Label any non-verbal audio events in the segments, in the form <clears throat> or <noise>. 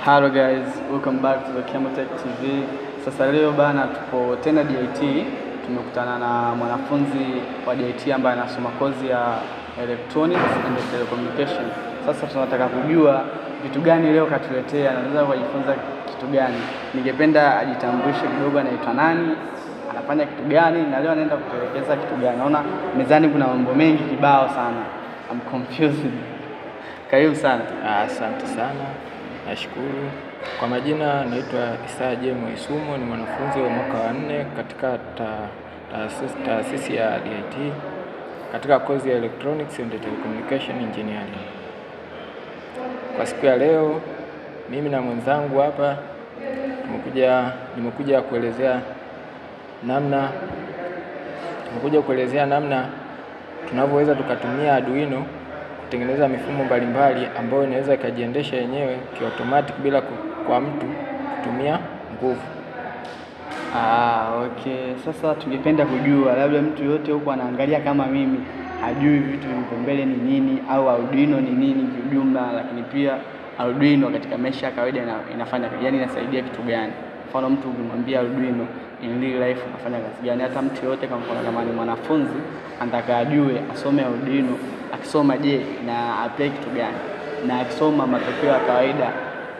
Hello guys, welcome back to the Chemotech TV. Sasa leo bana tupo tena DIT, tumekutana na mwanafunzi wa DIT ambaye anasoma kozi ya Electronics and Telecommunication. Sasa tunataka kujua vitu gani leo katuletea, anaweza kujifunza kitu gani. Ningependa ajitambulishe kidogo, anaitwa nani, anafanya kitu gani, na leo anaenda kutuelekeza kitu gani. Naona mezani kuna mambo mengi kibao sana. I'm confused. <laughs> Karibu sana. Asante sana. Nashukuru. Kwa majina naitwa Isaa Jemo Isumo, ni mwanafunzi wa mwaka wa nne katika taasisi ta, ta, ta, ya DIT katika kozi ya Electronics and Telecommunication Engineering. Kwa siku ya leo mimi na mwenzangu hapa tumekuja nimekuja kuelezea namna tumekuja kuelezea namna tunavyoweza tukatumia Arduino kutengeneza mifumo mbalimbali ambayo inaweza ikajiendesha yenyewe kiotomatic bila kwa mtu kutumia nguvu. Ah, okay. Sasa tungependa kujua labda mtu yote huko anaangalia kama mimi hajui vitu vilivyo mbele ni nini au Arduino ni nini kiujumla, lakini pia Arduino katika maisha ya kawaida ina, inafanya yani inasaidia kitu gani? Mfano mtu ukimwambia Arduino in real life unafanya kazi gani? Hata mtu yote kama kuna jamani mwanafunzi anataka ajue asome Arduino akisoma, je, na apply kitu gani? Na akisoma matokeo ya kawaida,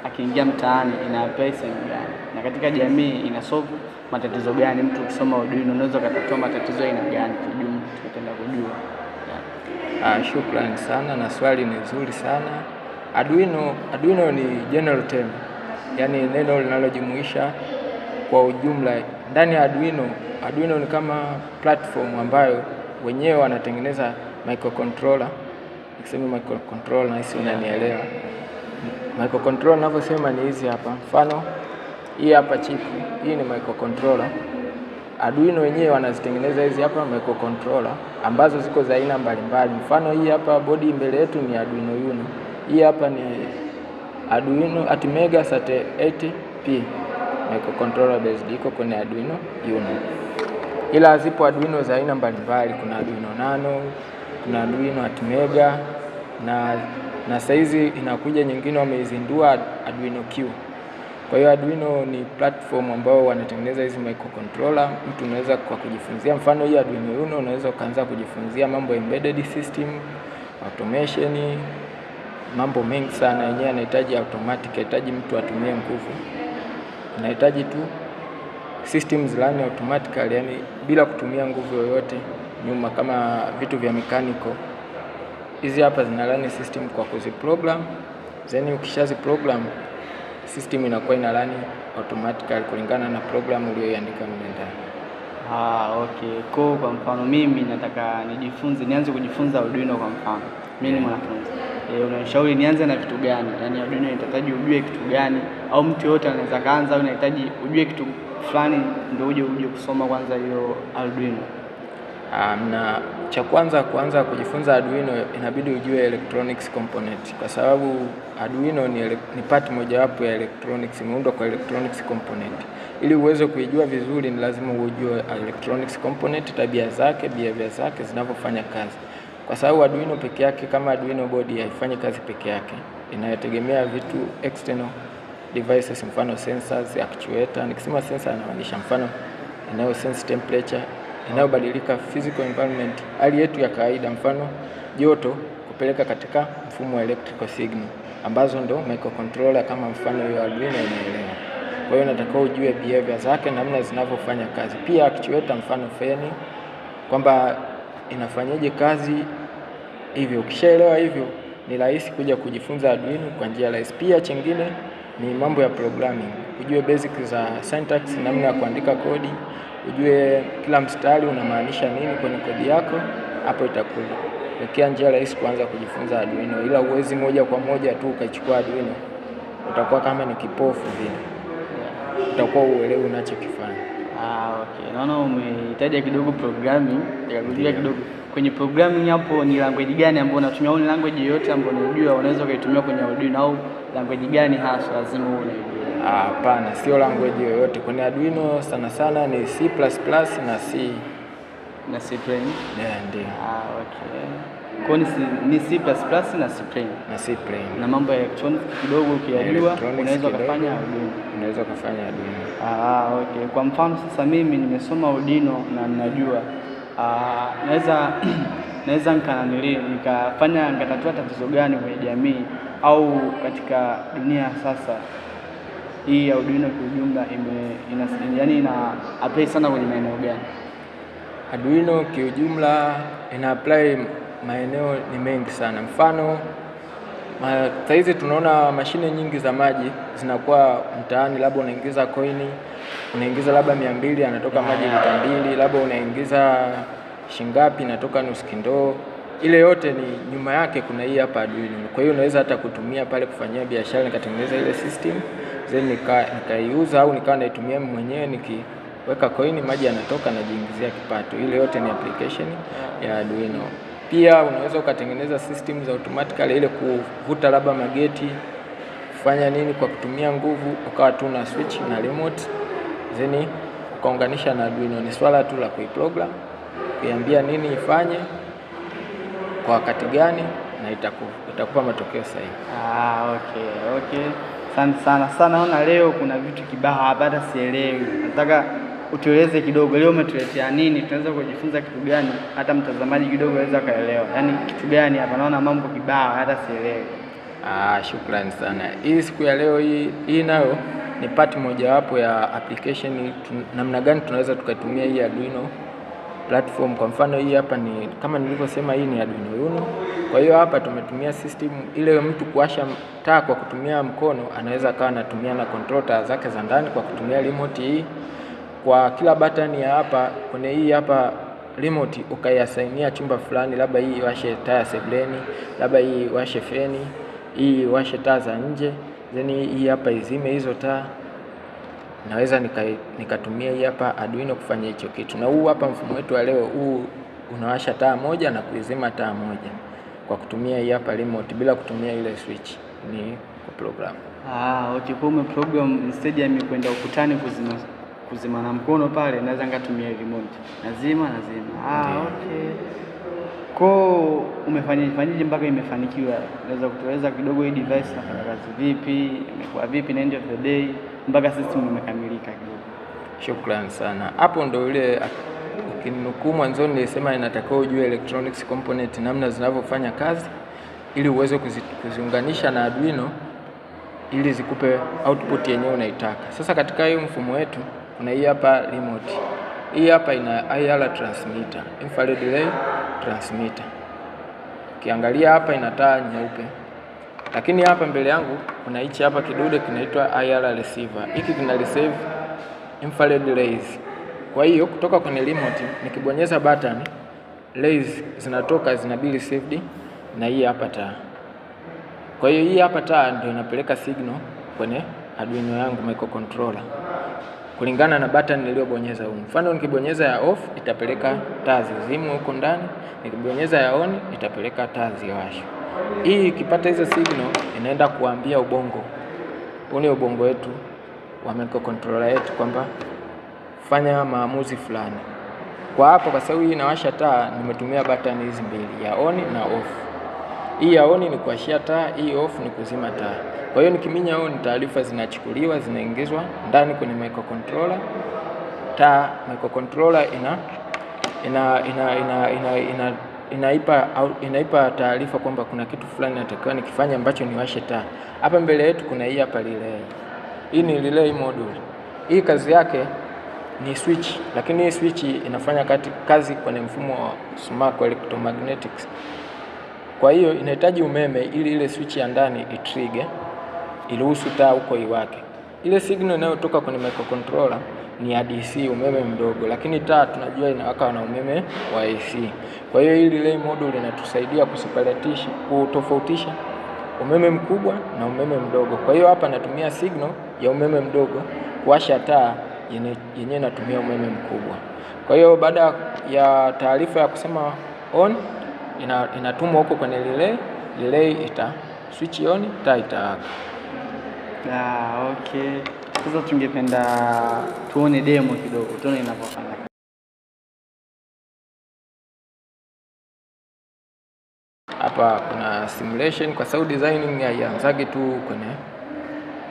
akiingia mtaani ina apply sehemu gani? Na katika jamii ina solve matatizo gani? Mtu ukisoma Arduino unaweza ukatatua matatizo aina gani? Kijumla tutenda kujua. Ah, shukrani sana na swali ni zuri sana. Arduino, Arduino ni general term, yaani neno linalojumuisha kwa ujumla. Ndani ya Arduino, Arduino ni kama platform ambayo wenyewe wanatengeneza microcontroller. Nikisema microcontroller nahisi unanielewa. Microcontroller ninavyosema ni hizi hapa, mfano hii hapa chip hii ni microcontroller. Arduino wenyewe wanazitengeneza hizi hapa microcontroller ambazo ziko za aina mbalimbali. Mfano hii hapa bodi mbele yetu ni Arduino Uno. Hii hapa ni Arduino Atmega 38P microcontroller based, iko kwenye Arduino Uno, ila zipo Arduino za aina mbalimbali. Kuna Arduino Nano, kuna Arduino Atmega na, na saizi inakuja nyingine wameizindua Arduino Q. Kwa hiyo Arduino ni platform ambao wanatengeneza hizi microcontroller. Mtu unaweza kwa kujifunzia, mfano hii Arduino Uno, unaweza ukaanza kujifunzia mambo embedded system, automation, mambo mengi sana. Yenyewe yanahitaji automatic, yanahitaji mtu atumie nguvu, unahitaji tu systems run automatically, yani bila kutumia nguvu yoyote nyuma kama vitu vya mechanical. Hizi hapa zina run system kwa kuziprogram, then ukishazi program system inakuwa ina run automatically kulingana na program uliyoiandika mle ndani. Ah, okay. Kwa kwa mfano mimi nataka nijifunze, nianze kujifunza Arduino kwa mfano. Mimi ni mwanafunzi. Eh, unanishauri nianze na kitu gani? Yaani Arduino inahitaji ujue kitu gani? Au mtu yote anaweza kaanza au inahitaji ujue kitu fulani ndio uje uje kusoma kwanza hiyo Arduino? Um, na cha kwanza kuanza kujifunza Arduino inabidi ujue electronics component, kwa sababu Arduino ni, ni part mojawapo ya electronics, imeundwa kwa electronics component. Ili uweze kuijua vizuri, ni lazima ujue electronics component, tabia zake, behavior zake zinavyofanya kazi, kwa sababu Arduino peke yake kama Arduino board haifanyi kazi peke yake, inayotegemea vitu external devices, mfano sensors, actuator. Nikisema sensor, anamaanisha mfano inayo sense temperature inayobadilika physical environment, hali yetu ya kawaida, mfano joto, kupeleka katika mfumo wa electrical signal ambazo ndo microcontroller kama mfano hiyo Arduino inaelewa. Kwa hiyo nataka ujue behavior zake, namna zinavyofanya kazi, pia actuator, mfano feni, kwamba inafanyaje kazi. Hivyo ukishaelewa hivyo, ni rahisi kuja kujifunza Arduino kwa njia rahisi. Pia chingine ni mambo ya programming, ujue basic za syntax, namna ya kuandika kodi ujue kila mstari unamaanisha nini kwenye kodi yako, hapo itakuwekea njia rahisi kuanza kujifunza Arduino, ila uwezi moja kwa moja tu ukachukua Arduino, utakuwa kama ni kipofu vile, utakuwa uelewi unachokifanya. Ah, okay. Naona umehitaja kidogo programming, nikakuuliza kidogo kwenye programming hapo ni language gani ambayo unatumia au ni language yoyote ambayo unajua unaweza ukaitumia kwenye Arduino au language gani hasa lazima uone? Hapana, sio language yoyote kwenye Arduino, sana sana ni C++ na C na C Plain. Yeah, ndio. Ah, okay. Kwa ni ni C++ na C Plain. Na C Plain. Na mambo ya electronics kidogo ukijua unaweza kufanya Arduino. Unaweza kufanya Arduino. Ah, okay. Kwa mfano sasa mimi nimesoma Arduino na ninajua ah, naweza <clears throat> naweza nikananili nikafanya nikatatua tatizo gani kwenye jamii au katika dunia sasa hii Arduino kiujumla ime, yani ina apply sana kwenye maeneo gani? Arduino kiujumla ina apply maeneo ni mengi sana, mfano sahizi tunaona mashine nyingi za maji zinakuwa mtaani, labda unaingiza koini, unaingiza labda mia mbili anatoka maji lita mbili, labda unaingiza shingapi inatoka nusu kindoo ile yote ni nyuma yake kuna hii hapa Arduino. Kwa hiyo unaweza hata kutumia pale kufanyia biashara, nikatengeneza ile system then nika, nikaiuza au nikawa naitumia mwenyewe nikiweka coin, maji yanatoka najiingizia kipato. Ile yote ni application ya Arduino. Pia unaweza ukatengeneza system za automatically, ile kuvuta labda mageti kufanya nini kwa kutumia nguvu, ukawa tu na switch na remote then ukaunganisha na Arduino. Ni swala tu la kuiprogram, kuiambia nini ifanye kwa wakati gani na itaku, itakupa matokeo sahihi. Ah, okay, okay. Asante sana sana. Naona leo kuna vitu kibaha hapa hata sielewi, nataka utueleze kidogo, leo umetuletea nini? Tunaweza kujifunza kitu gani, hata mtazamaji kidogo anaweza kaelewa, yaani kitu gani hapa? Naona mambo kibaha, hata sielewi. Ah, shukrani sana. Hii siku ya leo hii hii nayo ni pati mojawapo ya application, namna gani tunaweza tukatumia hii Arduino platform. Kwa mfano hii hapa ni kama nilivyosema, hii ni Arduino Uno. Kwa hiyo hapa tumetumia system ile, mtu kuwasha taa kwa kutumia mkono anaweza akawa anatumia na control taa zake za ndani kwa kutumia remote hii. Kwa kila button ya hapa kwenye hii hapa remote ukaiasainia chumba fulani, labda hii washe taa ya sebleni, labda hii washe feni, hii washe taa za nje, then hii hapa izime hizo taa naweza nikatumia nika hii hapa Arduino kufanya hicho kitu. Na huu hapa mfumo wetu wa leo huu unawasha taa moja na kuizima taa moja kwa kutumia hii hapa remote bila kutumia ile switch, ni kwa program. Ah, okay, kwa ume program stage amekwenda ukutani kuzima kuzima na mkono pale, naweza ngatumia remote, nazima nazima. Ah, okay. Kwao umefanyaje mpaka imefanikiwa? Naweza kutueleza kidogo hii device inafanya kazi vipi, imekuwa vipi na end of the day mpaka system imekamilika kidogo? Shukrani sana. Hapo ndo ile ukinukuu mwanzoni nilisema inatakiwa ujue electronics component namna zinavyofanya kazi ili uweze kuzi, kuziunganisha na Arduino ili zikupe output yenyewe unaitaka. Sasa katika hiyo mfumo wetu kuna hii hapa remote. Hii hapa ina IR transmitter, infrared relay transmitter. Ukiangalia hapa ina taa nyeupe, lakini hapa mbele yangu kuna hichi hapa kidude kinaitwa IR receiver. Hiki kina receive infrared rays. Kwa hiyo kutoka kwenye remote nikibonyeza button rays zinatoka zina be received na hii hapa taa. Kwa hiyo hii hapa taa ndio inapeleka signal kwenye Arduino yangu microcontroller kulingana na button niliyobonyeza huko. Mfano nikibonyeza ya off itapeleka taa zizimwe huko ndani nikibonyeza ya on itapeleka taa ziwashe. Hii ikipata hizo signal inaenda kuambia ubongo ule ubongo wetu wa microcontroller yetu kwamba fanya maamuzi fulani. Kwa hapo, kwa sababu hii inawasha taa, nimetumia button hizi mbili ya on na off. Hii ya on ni kuashia taa, hii off ni kuzima taa. Kwa hiyo nikiminya on, taarifa zinachukuliwa zinaingizwa ndani kwenye microcontroller, taa microcontroller ina ina, ina, ina, ina, ina inaipa inaipa taarifa kwamba kuna kitu fulani natakiwa nikifanya ambacho niwashe taa. Hapa mbele yetu kuna hii hapa relay. Hii ni relay module. Hii kazi yake ni switch, lakini hii switch inafanya kati, kazi kwenye mfumo wa smart electromagnetics. Kwa hiyo inahitaji umeme ili ile switch ya ndani itrige iruhusu taa huko iwake. Ile signal inayotoka kwenye microcontroller ni ya DC umeme mdogo, lakini taa tunajua inawaka na umeme wa AC. Kwa hiyo hii relay module inatusaidia kuseparatisha, kutofautisha umeme mkubwa na umeme mdogo. Kwa hiyo hapa natumia signal ya umeme mdogo kuwasha taa yenyewe inatumia umeme mkubwa. Kwa hiyo baada ya taarifa ya kusema on ina, inatumwa huko kwenye relay, relay ita switch on, taa itawaka. Ah, okay. Sasa tungependa tuone demo kidogo, tuone inavyofanya. Hapa kuna simulation kwa sababu designing, haianzagi tu kwenye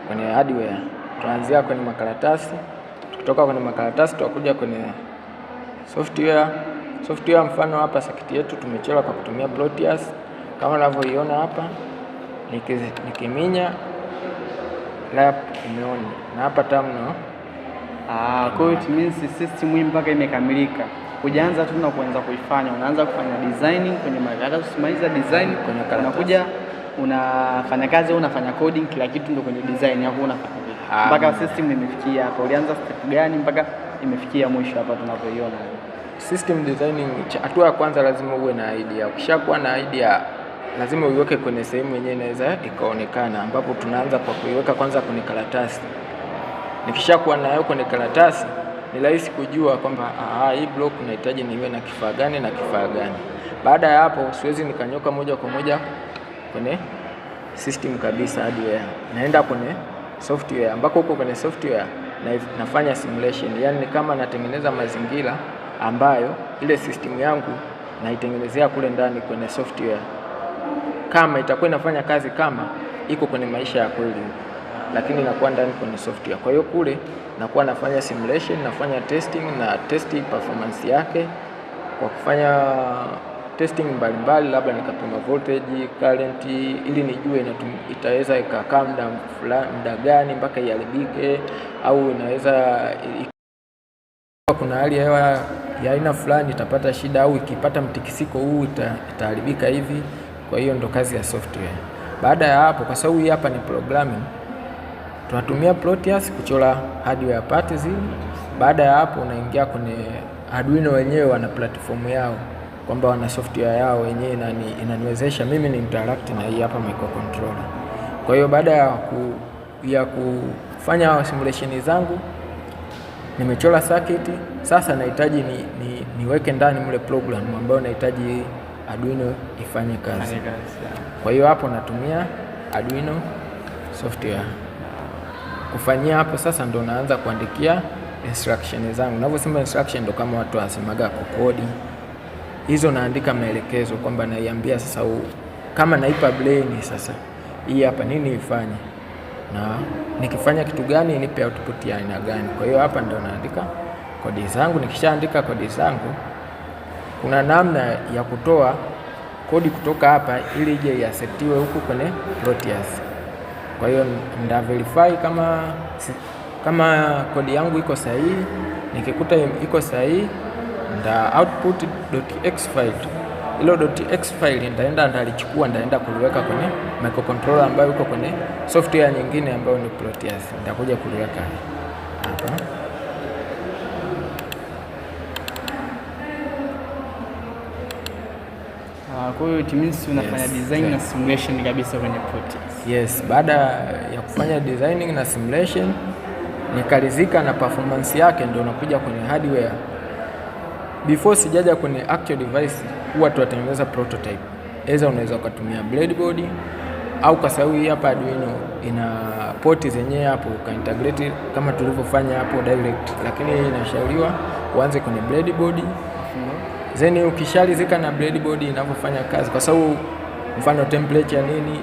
kwenye hardware, tunaanzia kwenye makaratasi. Tukitoka kwenye makaratasi, tutakuja kwenye software. Software mfano hapa sakiti yetu tumechora kwa kutumia Proteus kama unavyoiona hapa, nikiminya niki lap umeona, na hapa terminal. Ah, kwa hiyo it means system hii mpaka imekamilika hujaanza tu na kuanza kuifanya, unaanza kufanya designing kwenye makaratasi, usimaliza design kwenye karatasi, unakuja unafanya kazi, unafanya coding, kila kitu ndio kwenye design yako unafanya vipi ah. mpaka system imefikia hapa. Ulianza step gani mpaka imefikia mwisho hapa tunavyoiona? System designing, hatua ya kwanza lazima uwe na idea. Ukishakuwa na idea lazima uiweke kwenye sehemu yenyewe inaweza ikaonekana, ambapo tunaanza kwa kuiweka kwanza kwenye karatasi. Nikishakuwa nayo kwenye karatasi, ni rahisi kujua kwamba hii block nahitaji niwe na kifaa gani na kifaa gani. Baada ya hapo, siwezi nikanyoka moja kwa moja kwenye system kabisa hardware, naenda kwenye software, ambako huko kwenye software na, nafanya simulation, yani kama natengeneza mazingira ambayo ile system yangu naitengenezea kule ndani kwenye software kama itakuwa inafanya kazi kama iko kwenye maisha ya kweli, lakini inakuwa ndani kwenye software. Kwa hiyo kule nakuwa nafanya simulation, nafanya testing na testi performance yake kwa kufanya testing mbalimbali, labda nikapima voltage, current, ili nijue itaweza ikakaa muda gani mpaka iharibike, au inaweza kuna hali ya hewa ya aina fulani itapata shida, au ikipata mtikisiko huu itaharibika hivi. Kwa hiyo ndo kazi ya software. Baada ya hapo, kwa sababu hii hapa ni programming, tunatumia Proteus kuchora hardware part zile. Baada ya hapo, unaingia kwenye Arduino, wenyewe wana platform yao kwamba wana software yao wenyewe na inaniwezesha mimi ni interact na hii hapa microcontroller. Kwa hiyo baada ya ku, ya kufanya simulation zangu nimechora circuit, sasa nahitaji ni, ni, niweke ndani mle program ambayo nahitaji Arduino ifanye kazi. Kwa hiyo hapo natumia Arduino software kufanyia hapo. Sasa ndo naanza kuandikia instruction zangu. Unavyosema instruction ndo kama watu wasemaga kukodi, hizo naandika maelekezo kwamba naiambia sasa u, kama naipa brain sasa hii hapa nini ifanye na nikifanya kitu gani nipe output ya aina gani. Kwa hiyo hapa ndo naandika kodi zangu, nikishaandika kodi zangu kuna namna ya kutoa kodi kutoka hapa ili ije iasetiwe huku kwenye Proteus. Kwa hiyo nda verify kama, kama kodi yangu iko sahihi. Nikikuta iko sahihi nda output.x file. ilo .x file ndaenda ndalichukua ndaenda kuliweka kwenye microcontroller ambayo iko kwenye software nyingine ambayo ni Proteus. Nitakuja kuliweka Ah, kwa hiyo it means unafanya yes, design yeah, na simulation kabisa kwenye project. Yes, baada ya kufanya designing na simulation nikaridhika na performance yake, ndio nakuja kwenye hardware. Before sijaja kwenye actual device, huwa tunatengeneza prototype. Aidha unaweza ukatumia breadboard au kwa sababu hii hapa Arduino ina poti zenyewe hapo, uka integrate kama tulivyofanya hapo direct, lakini inashauriwa uanze kwenye breadboard then ukishalizika na breadboard inavyofanya kazi, kwa sababu mfano template ya nini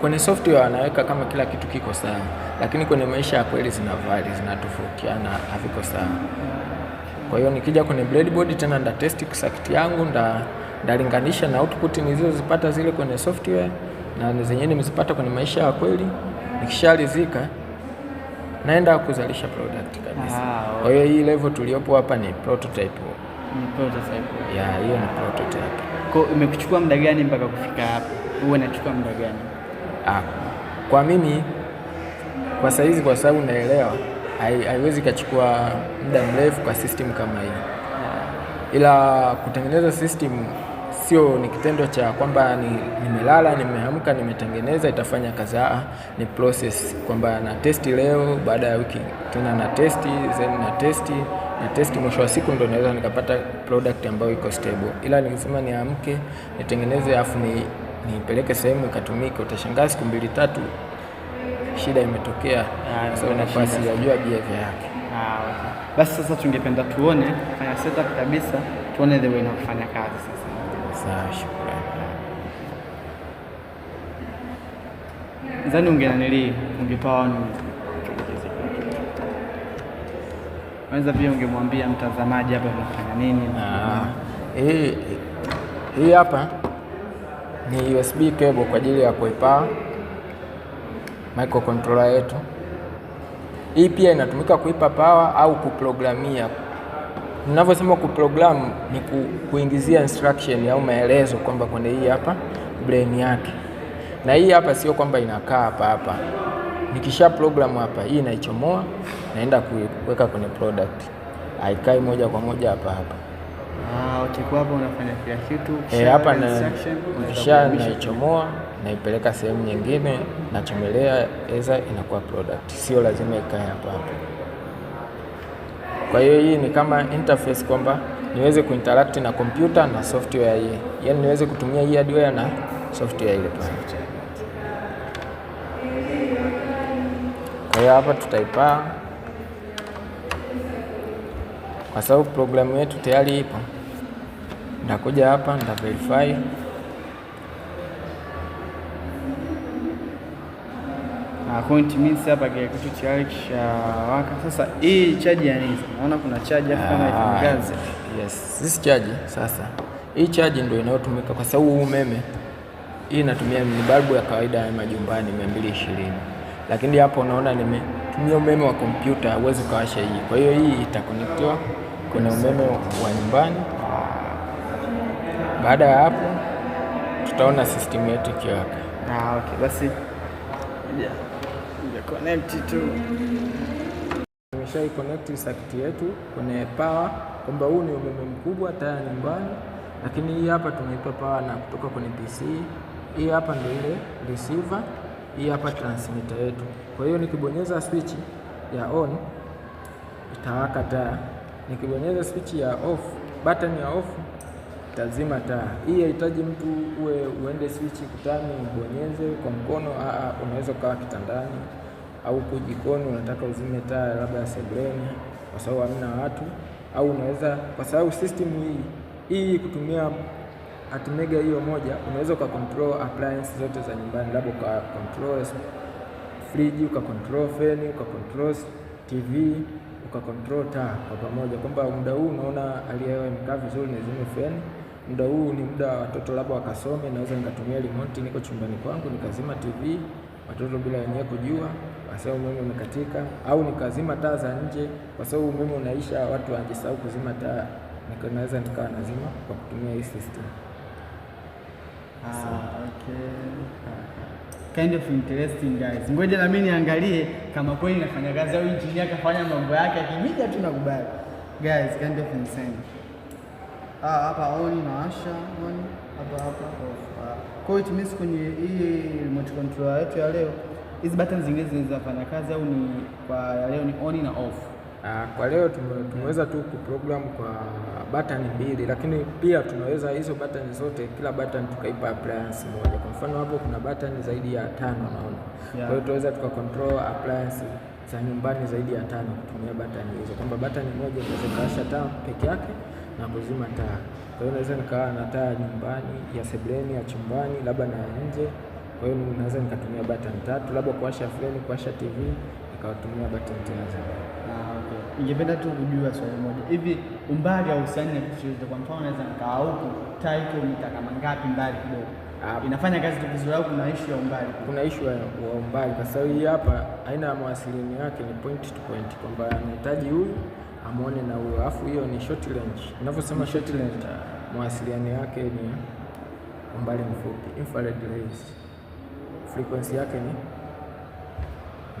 kwenye software anaweka kama kila kitu kiko sawa, lakini kwenye maisha ya kweli zina vary, zinatofautiana, haviko sawa. Kwa hiyo nikija kwenye breadboard tena nda test circuit yangu nda ndalinganisha na output nilizozipata zile kwenye software na zenye nimezipata kwenye maisha ya kweli. Nikishalizika naenda kuzalisha product kabisa. Kwa hiyo hii level tuliopo hapa ni prototype hiyo ni prototype. Kwa imekuchukua muda gani mpaka kufika hapo? Wewe unachukua muda gani? Ah, kwa mimi kwa saizi kwa sababu naelewa haiwezi kachukua muda mrefu kwa system kama hii. Ila kutengeneza system sio ni kitendo cha kwamba nimelala ni nimeamka nimetengeneza itafanya kazi. Ah, ah, ni process kwamba na testi leo, baada ya wiki tena na testi, then na testi na test, mwisho wa siku ndo naweza nikapata product ambayo iko stable. Ila nikisema niamke nitengeneze afu ni nipeleke sehemu ikatumike, utashangaa siku mbili tatu shida imetokea. Ah, so nafasi ya jua behavior yake. Ah, Basi sasa tungependa tuone fanya setup kabisa, tuone the way inafanya kazi sasa. Sawa, shukrani. Zani ungenanili ungepawa Unaweza pia ungemwambia mtazamaji hapa tunafanya nini? Ah, hii hii hapa ni USB cable kwa ajili ya kuipa microcontroller yetu. Hii pia inatumika kuipa power au kuprogramia. Ninavyosema kuprogram ni ku, kuingizia instruction au maelezo kwamba kwenye hii hapa brain yake, na hii hapa sio kwamba inakaa hapa hapa. Nikisha program hapa, hii inaichomoa naenda kuweka kwenye product, haikai moja kwa moja hapa hapa ah, hapa eh, kisha naichomoa naipeleka sehemu nyingine, nachomelea eza inakuwa product, sio lazima ikae hapa hapa. Kwa hiyo hii ni kama interface kwamba niweze kuinteract na kompyuta na software hii, yani niweze kutumia hii hardware na software ile pale. Kwa hiyo hapa tutaipaa kwa sababu programu yetu tayari ipo. ndakuja hapa nda verify account means hapa kile kitu cha waka. Sasa hii charge ya nini? Naona kuna charge hapa kama itangaza. Ah, yes, this charge sasa. Hii charge ndio inayotumika kwa sababu umeme hii inatumia ni balbu ya kawaida ya majumbani 220. Lakini hapo unaona nime kutumia umeme wa kompyuta huwezi ukawasha hii. Kwa hiyo hii itakonektiwa kwenye umeme wa nyumbani. Baada ya hapo, tutaona system yetu ikiwa hapa. Ah, okay, basi ya connect tu, tumeshai connect circuit yetu kwenye power, kwamba huu ni umeme mkubwa tayari nyumbani, lakini hii hapa tumeipa power na kutoka kwenye DC. Hii hapa ndio ile receiver hii hapa transmitter yetu. Kwa hiyo nikibonyeza switch ya on itawaka taa, nikibonyeza switch ya off, button ya off itazima taa. Hii haihitaji mtu uwe uende switch kutani ubonyeze kwa mkono. Aa, unaweza ukawa kitandani au kujikoni unataka uzime taa labda sebuleni kwa sababu hamna watu, au unaweza kwa sababu system hii hii kutumia at hiyo moja unaweza control appliance zote za nyumbani, labda control ukacontrol friji, ukacontrol feni, control TV, uka control taa kwa pamoja, kwamba muda huu unaona hali ya hewa imekaa vizuri, nizime feni. Muda huu ni muda wa watoto labda wakasome, naweza nikatumia remote, niko chumbani kwangu nikazima TV watoto bila wenyewe kujua, kwa sababu umeme umekatika, au nikazima taa za nje, kwa sababu umeme unaisha, watu wanajisahau kuzima taa, naweza nikawa nazima kwa kutumia hii system. Ah, kind of interesting guys. Ngoja na mimi niangalie kama kweli nafanya kazi au injinia kafanya mambo yake akimija tu nakubali. Guys, kind of insane. Ah, hapa on nawasha on hapa hapa off. Kwa hiyo it kwenye hii remote control yetu ya leo hizi buttons zingine zinaweza fanya kazi au ni kwa leo ni on na off. Ah, kwa leo tumeweza tu kuprogram kwa button mbili, lakini pia tunaweza hizo button zote, kila button tukaipa appliance moja. Kwa mfano hapo kuna button zaidi ya tano naona, yeah. Kwa hiyo tunaweza tukacontrol appliance za nyumbani zaidi ya tano kutumia button hizo, kwamba button moja inaweza kuwasha taa peke yake na kuzima taa. Kwa hiyo naweza nikawa na taa nyumbani, ya sebuleni, ya chumbani, labda na nje. Kwa hiyo naweza nikatumia button tatu, labda kuwasha fleni, kuwasha TV nikatumia button tatu ningependa tu kujua swali moja hivi, umbali au uhusiani na kitu chochote, kwa mfano naweza nikaa huku tai kilomita kama ngapi mbali kidogo, ah. inafanya kazi vizuri au kuna ishu ya umbali? Kuna ishu ya umbali kwa sababu hii hapa aina ya mawasiliano yake ni point to point, kwamba anahitaji huyu amwone na huyo, alafu hiyo ni short range. Unavyosema short range, mawasiliano yake ni umbali mfupi, infrared rays, frequency yake ni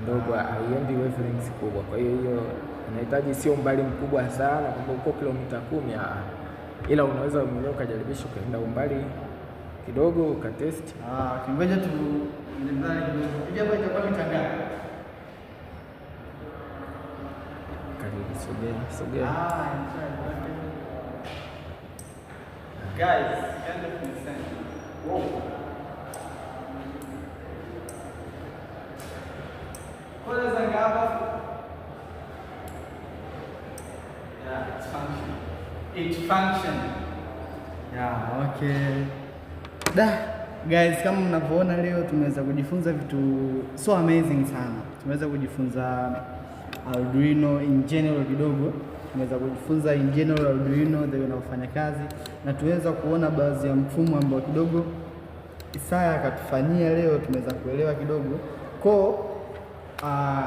ndogo, haiendi wavelength kubwa, kwa hiyo hiyo unahitaji sio umbali mkubwa sana, kwamba uko kilomita kumi, ah. ila unaweza mwenyewe ukajaribisha ukaenda umbali kidogo ukatesti. Ah, kingoja tu karibu, sogea sogea. Ah, Guys, kind Whoa. function. Yeah, okay. Da, guys kama mnavyoona leo tumeweza kujifunza vitu so amazing sana. Tumeweza kujifunza Arduino in general kidogo. Tumeweza kujifunza in general Arduino ndio inafanya kazi na tuweza kuona baadhi ya mfumo ambao kidogo Isaya akatufanyia leo, tumeweza kuelewa kidogo ko Uh,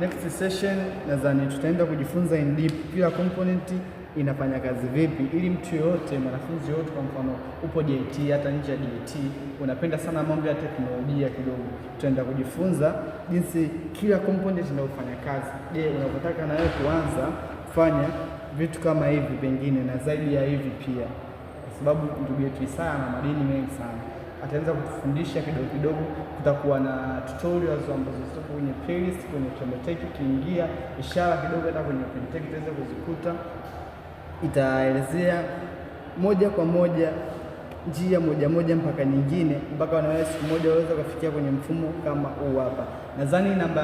next session nadhani tutaenda kujifunza in deep kila component inafanya kazi vipi, ili mtu yoyote, mwanafunzi yoyote, kwa mfano upo JT, hata nje ya JT, unapenda sana mambo ya teknolojia kidogo, tutaenda kujifunza jinsi kila component inayofanya kazi. Je, unapotaka na wewe kuanza kufanya vitu kama hivi pengine na zaidi ya hivi pia, kwa sababu ndugu yetu Isaya ana madini mengi sana ataanza kutufundisha kidogo kidogo. Kutakuwa na tutorials ambazo zitakuwa kwenye playlist kwenye Tembetech, ukiingia ishara kidogo hata kwenye Tembetech utaweza kuzikuta itaelezea moja kwa moja njia moja moja mpaka nyingine mpaka wanaweza siku moja waweza kufikia kwenye mfumo kama huu hapa. Nadhani namba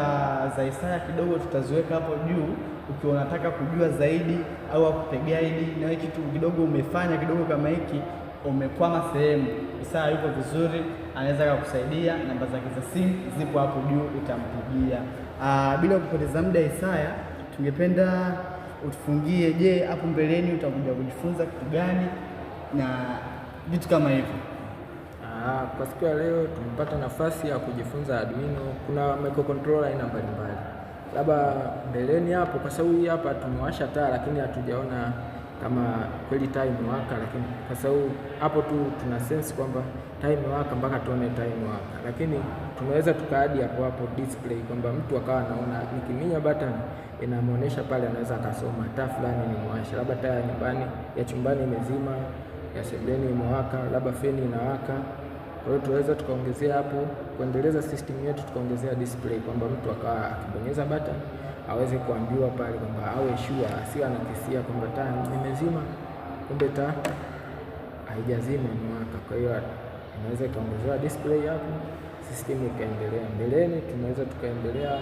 za Isaya kidogo tutaziweka hapo juu, ukiwa unataka kujua zaidi au akupegaidi na wewe kitu kidogo umefanya kidogo kama hiki umekwama sehemu, Isaya yuko vizuri, anaweza kukusaidia. Namba zake za simu zipo hapo juu, utampigia. Ah, bila kupoteza muda Isaya, tungependa utufungie, je, hapo mbeleni utakuja kujifunza kitu gani na vitu kama hivyo. Ah, kwa siku ya leo tumepata nafasi ya kujifunza Arduino. Kuna microcontroller aina mbalimbali, labda mbeleni hapo, kwa sababu hii hapa tumewasha taa, lakini hatujaona kama kweli taa imewaka, lakini kwa sababu hapo tu tuna sense kwamba taa imewaka mpaka tuone taa imewaka, lakini tunaweza tukaadi hapo hapo display kwamba mtu akawa anaona, nikiminya button inamuonesha pale, anaweza akasoma taa fulani nimewasha, labda taa ya nyumbani ya chumbani imezima, ya sebuleni imewaka, labda feni inawaka. Kwa hiyo tunaweza tukaongezea hapo, kuendeleza system yetu, tukaongezea display kwamba mtu akawa akibonyeza button aweze kuambiwa pale kwamba awe shua, asiwe anakisia kwamba taa nimezima, kumbe taa haijazima mwaka. Kwa hiyo inaweza ikaongezewa display hapo, system ikaendelea mbeleni. Tunaweza tukaendelea,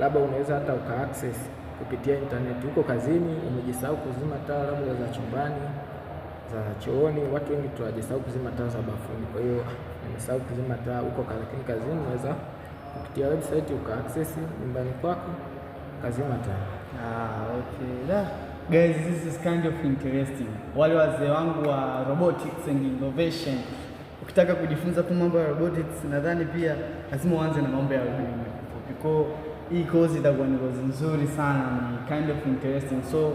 labda unaweza hata uka access kupitia internet. Huko kazini, umejisahau kuzima taa labda za chumbani, za chooni. Watu wengi tunajisahau kuzima taa za bafuni. Kwa hiyo nimesahau kuzima taa huko, lakini kazini unaweza kupitia website uka access nyumbani kwako. Kazimata. Ah, okay. Da. Guys, this is kind of interesting. Wale wazee wangu wa robotics and innovation. Ukitaka kujifunza tu mambo ya robotics, nadhani pia lazima uanze na mambo ya ulimwengu. Because hii course itakuwa ni course nzuri sana, ni kind of interesting. So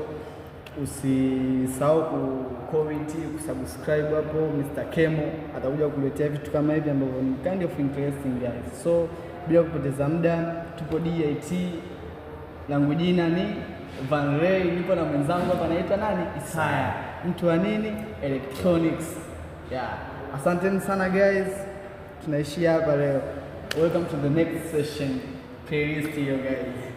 usisahau ku comment, ku subscribe hapo. Mr. Kemo atakuja kukuletea vitu kama hivi ambavyo ni kind of interesting guys. So bila kupoteza muda, tupo DIT langu jina ni Van Ray, nipo na mwenzangu hapa anaitwa nani? Isaya, mtu wa nini electronics. Yeah, asanteni sana guys, tunaishia hapa leo. Welcome to the next session. Peace to you guys.